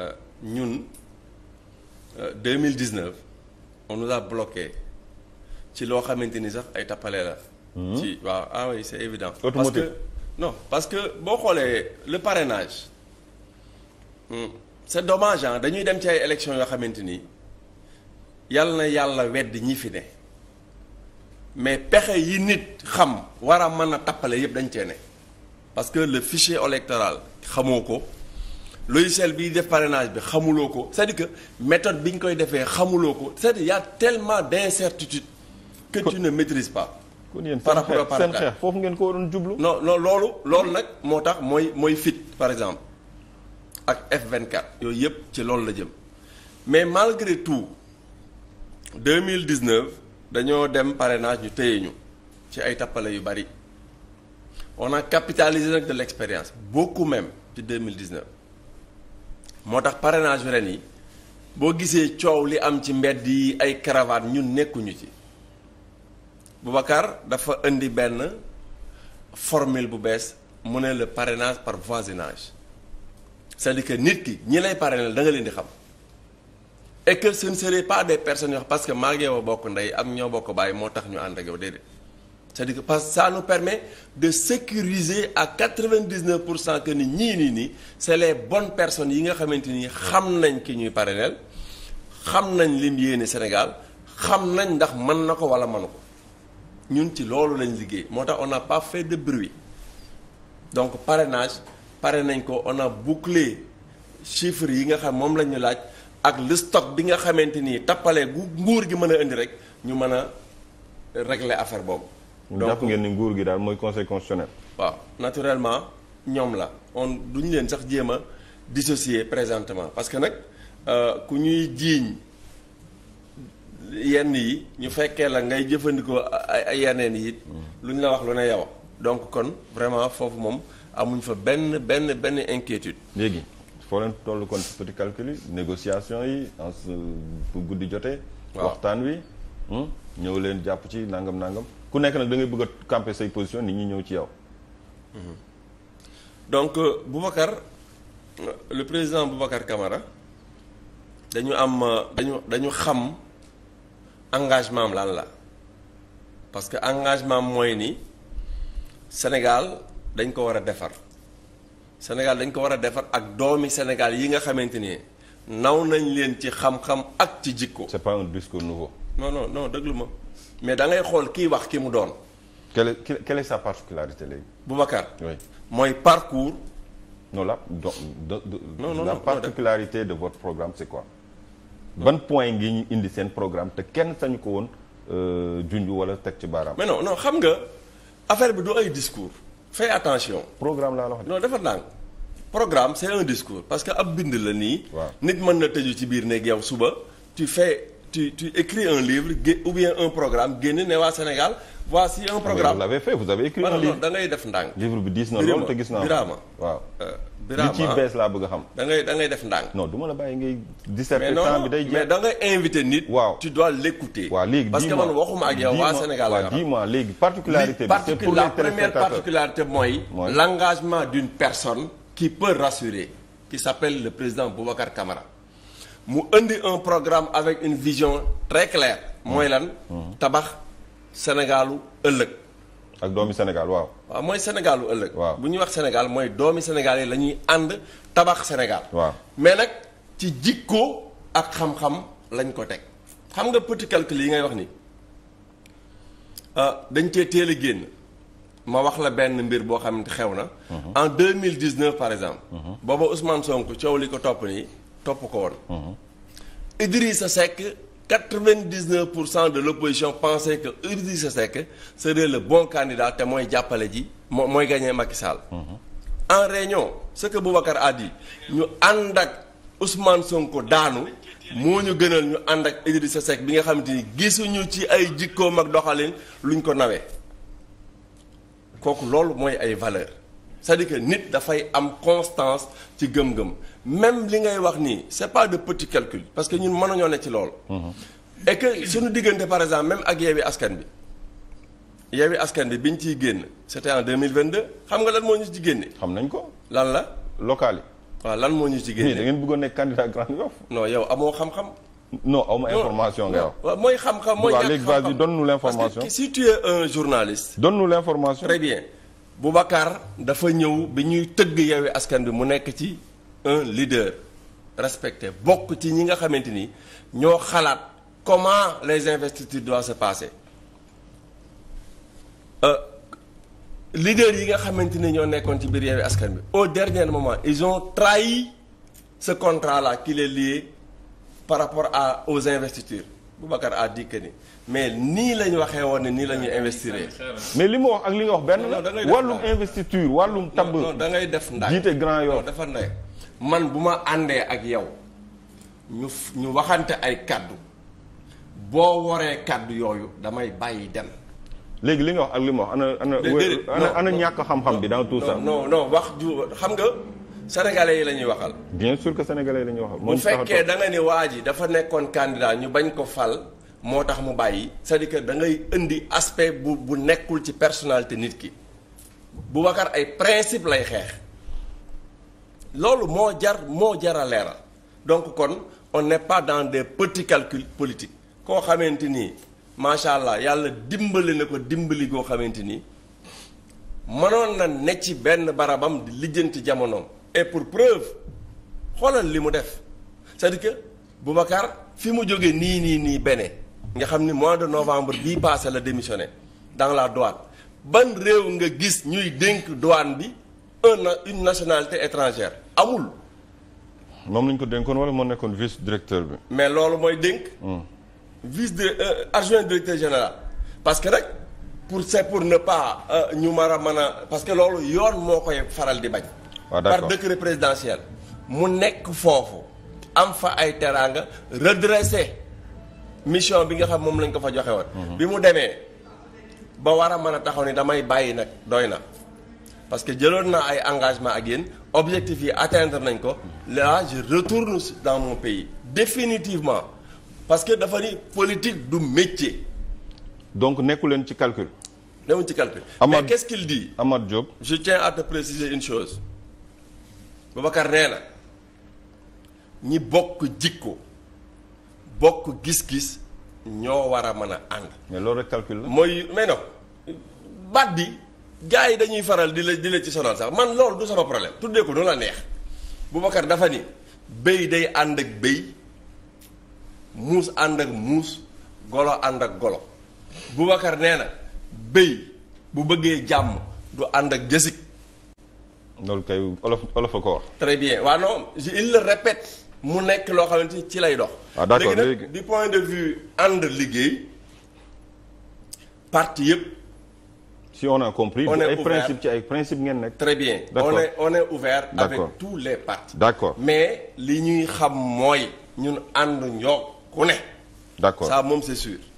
Euh, ñun euh, deux mille dix neuf on nous a ci loo xamante ni sax ay tappale la. Hmm. ci waaw ah oui c'est évident. parce que non parce que boo xoolee le parenage hmm, c'est dommage ah dañuy dem ci ay élections yoo xamante ni yàlla na yàlla wedd ñi fi ne mais pexe yi nit xam war a mën a tappale yëpp dañ cee ne parce que le fichier électoral xamoo ko. logiciel bi def parrainage bi xamuloo ko c'est-à-dire bi ñu koy defee xamuloo ko c'est-à-dire y a tellement d'incertitudes que tu ne maîtrises pas. kon yéen par rapport foofu ngeen ko waroon jublu. no non loolu loolu nag moo tax mooy mooy FIT par exemple ak F24 yooyu yëpp ci loolu la jëm mais malgré tout 2019 dañoo dem parenage ñu téye ñu ci ay tappale yu bari on a capitalisé nag de l'expérience beaucoup même ci 2019. moo tax parrainage ren yi boo gisee coow li am ci mbedd yi ay caravane ñun nekkuñu ci Boubacar dafa indi benn formule bu bees mu ne le parrainage par voisinage c'est-à-dire que nit ki ñi lay parrainer da nga leen di xam et que ce ne serait pas des personnes yoo parce que maa ngi bokk ndey ak ñoo bokk bàyyi moo tax ñu ànd ak yow déedéet c'est-à-dire parce que ça nous de sécuriser à 99 pour cent que ni ñii nii nii c'est les bonnes personnes yi nga xamante ni xam nañ ki ñuy parrainel xam nañ lim yéene Sénégal xam nañ ndax mën na ko wala mënu ko ñun ci loolu lañ liggéey moo tax on n'a pas fait de bruit donc parrainage pare nañ ko on a bouclé chiffres yi nga xam moom la laaj ak le stock bi nga xamante ni tappale gu nguur gi mën a indi rek ñu mën a régler affaire boobu donc jàpp ngeen ni nguur gi daal mooy conseil constitutionnel. waaw naturellement ñoom la on du ñu leen sax jéem a dissocier présentement parce que nag euh, ku ñuy jiiñ yenn yi ñu fekkee la ngay jëfandikoo ay yeneen yi lu ñu la wax lu ne yow donc kon vraiment foofu moom amuñ fa benn benn benn inquiétude. léegi foo leen toll kon ci petit calcul yi négociation yi en bu guddi jotee. waxtaan wi hmm, ñëw leen jàpp ci nangam nangam. ku nekk nag da ngay bëgg a camper say position nit ñi ñëw ci yow. Mhm. donc euh, Boubacar euh, le président Boubacar Camara dañu am euh, dañu dañu xam engagement am la parce que engagement mooy ni Sénégal dañ ko war a defar Sénégal dañ ko war a defar ak doomi Sénégal yi nga xamante ni naw nañ leen ci xam-xam ak ci jikko. c'est pas un discours nouveau. non non non ma. mais da xool kiy wax ki mu doon. quelle quelle est sa particularité léegi. Boubacar. oui mooy parcours. non la do do non non la particularité de votre programme c'est quoi. ban point ngi ñu indi seen programme te kenn sañu ko woon euh, junj wala teg ci baaraam. mais non non xam nga affaire bi du ay discours. fais attention. programme laa la wax. non dafa nang programme c'est un discours parce que ab bind la nii. nit mën na tëju ci biir néeg yow suba tu fais. tu tu écris un livre ou bien un programme génne ne waa Sénégal voici un programme vous l'avez fait vous avez écrit un livre da ngay def ndànk livre bi diis na lool te gis naa Birama waaw euh, Birama li ci ah. bees laa bëgg a xam da ngay da def ndànk no du ma la bàyyi ngay disserter temps day jeex da invité nit waaw tu dois l'écouter waaw léegi parce que waxuma ak yow waa Sénégal waaw léegi particularité bi c'est pour les téléspectateurs la première particularité mooy l'engagement d'une personne qui peut rassurer qui s'appelle le président Boubacar Camara mu indi un programme avec une vision très claire. mooy lan. tabax Sénégalu ëllëg. ak doomi Sénégal waaw. waaw mooy Sénégalu ëllëg. waaw bu ñuy wax Sénégal mooy doomi Sénégal yi la ñuy ànd tabax Sénégal. waaw mais nag ci jikko ak xam-xam lañ ko teg. xam nga petit calcul yi ngay wax ni ah, dañ cee teel a génn. ma wax la benn mbir boo xam ne xew na. Mhm. en deux mille dix neuf par exemple. Mhm. booba Ousmane Sonko coow li ko topp nii. topp ko woon Idrissa Seck quatre-vingt-dix-neuf pour cent de l'opposition pensait que Idrissa Seck serait le bon candidat te mooy jàppale ji moo mooy gagné Macky Sall en réunion ce que Boubacar a dit ñu ànd ak Ousmane Sonko daanu moo ñu gënal ñu ànd ak sa Seck bi nga xam xamante ni gisuñu ci ay jikkoom ak doxalin luñ ko nawe kooku loolu mooy ay valeur c'est-à-dire nit dafay am constance ci gëm-gëm même li ngay wax nii c'est pas de petit calcul parce que ñun mënuñoo ne ci loolu. et suñu diggante par exemple même ak Yewwi Askan bi Yewwi Askan Wi bi ñu ciy génn c'était en 2022 xam nga lan moo ñu jigéen génne. xam nañ ko. lan la. local yi. waaw lan moo ñu jigéen génne. da ngeen bëggoon nekk candidat Grand Yoff. non yow amoo xam-xam. non aw ma information nga wax. waaw mooy xam-xam mooy. ñàkk xam-xam waaw léegi vas-y donne-nous bien. Boubacar dafa ñëw bi ñuy tëgg Yewwi Askan bi mu nekk ci un leader respecté bokk ci ñi nga xamante ni ñoo xalaat comment les investitures doivent se passer euh, leader yi nga xamante ni ñoo nekkoon ci biir Yewwi Askan Wi au dernier moment ils on trahi ce contrat là qui les liait par rapport à aux investitures Boubacar a dit que ni mais nii la ñu waxee woon ne nii la ñuy investir. mais li ma wax ak li nga wax benn la wàllum investiture wàllum tabb. da ngay def ndax jiite grand yoon dafa nekk man bu ma àndee ak yow ñu ñu waxante ay kàddu boo waree kàddu yooyu damay bàyyi dem. léegi li nga wax ak li ma wax ana ana. ana ñàkk xam-xam bi dans tout ça. non non wax ju xam nga. sénégalais yi la ñuy waxal. bien sûr que sénégalais yi la ñuy waxal. bu fekkee da nga ne waa ji dafa nekkoon candidat ñu bañ ko fal moo tax mu bàyyi. c'est-à-dire que da ngay indi aspect bu bu nekkul ci personnalité nit ki bu Boubacar ay principe lay xeex loolu moo jar moo jar a leeral donc kon on n'est pas dans des petits calculs politiques koo xamante ni macha allah yàlla dimbali na ko dimbali goo xamante ni mënoon na ne ci benn barabam di lijjanti jamonoom. et pour preuve xoolal li mu def c'est-à-dire que Boubacar fi mu jógee nii nii nii bene nga xam ni mois de novembre bii passé la démissionné dans la douane ban réew nga gis ñuy dénk douane bi un une nationalité étrangère amul. moom lañ ko dénkoon wala moo nekkoon vice directeur bi. mais loolu mooy dénk. Hmm. vice de euh, adjoint directeur général parce que rek pour c'est pour ne pas euh, ñu mar a mën a parce que loolu yoon moo koy faral di bañ. Ah, par décret présidentiel mu nekk foofu am fa ay teraanga redressé mission bi nga xam moom lañ ko fa joxe woon mhm. bi mu demee ba war a mën a taxaw ni damay bàyyi nag doy na parce que jëloon naa ay engagement ak yéen objectif yi atteindre nañ ko là je retourne dans mon pays définitivement parce que dafa ni politique du métier donc nekku leen ci calcul newuñ ci calcul mais qu'est-ce qu'il dit Amath Diop je tiens à te préciser une chose Babacar nee na ñi bokk jikko bokk gis-gis ñoo war a mën a ànd. mais loolu rek calcul la. mooy mais non baat bi gars yi dañuy faral di la di la ci sonal sax man lool du sama problème. tuddee ko du la neex Boubacar dafa ni béy day ànd ak béy muus ànd ak muus golo ànd ak golo Boubacar nee na béy bu bëggee jàmm du ànd ak jësig. loolu kay olof olof a ko wax. très bien waaw non il le répète mu nekk loo xamante ni ci lay dox. ah d'accord léegi nag du point de vue ànd liggéey parti yëpp. si on a compris. on est ouvert ay principe ci ay principe ngeen nekk. très bien on est on est ouvert. avec tous les partis. d'accord mais li ñuy xam mooy ñun ànd ñoo ku ne. d'accord moom c'est sûr.